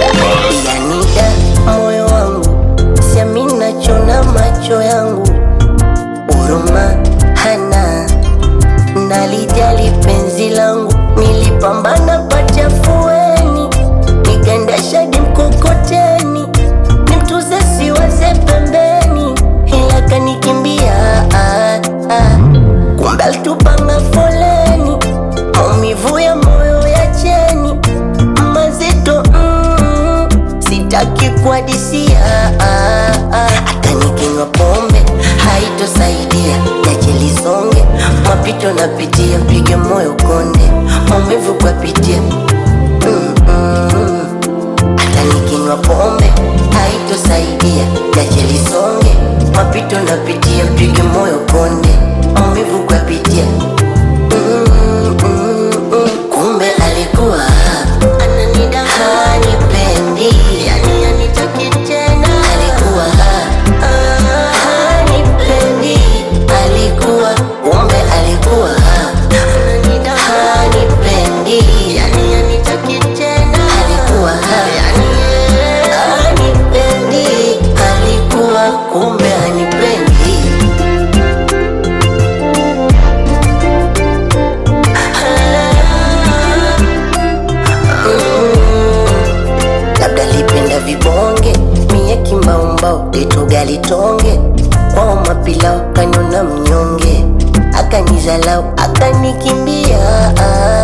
Yanida moyo wangu, siamini nachona macho yangu, huruma hana, nalijali penzi langu, nilipamba kuadisia ah, ah, ah. hata nikinywa pombe haitosaidia, najelizonge mapito napitia, piga moyo konde, maumivu kwapitia mm -mm. hata nikinywa pombe haitosaidia, najelizonge mapito napitia, piga moyo konde, maumivu kumbe hanipendi. Ah. Labda lipenda vibonge mie kimaumbau detogalitonge kwao mapilau kanyona mnyonge akanizalau akanikimbia ah.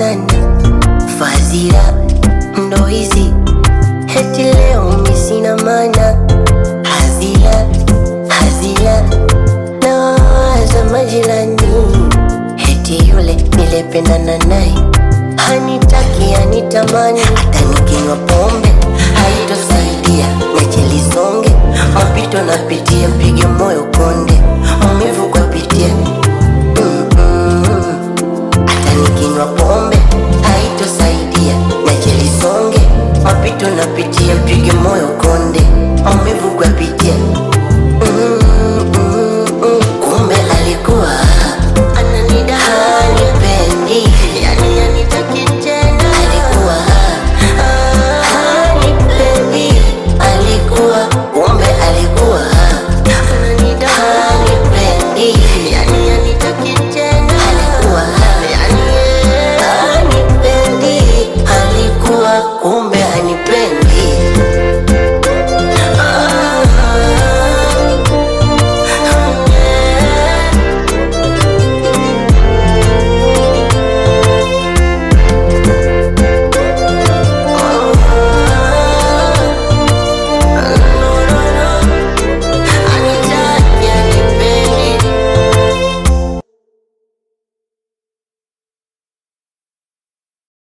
sana fadhila ndo hizi heti leo mi sina mana hazila hazila na wawaza majirani heti yule nilependana naye hanitaki hanitamani hata nikinywa pombe Vitu napitia mpige moyo konde, maumivu kwa pitia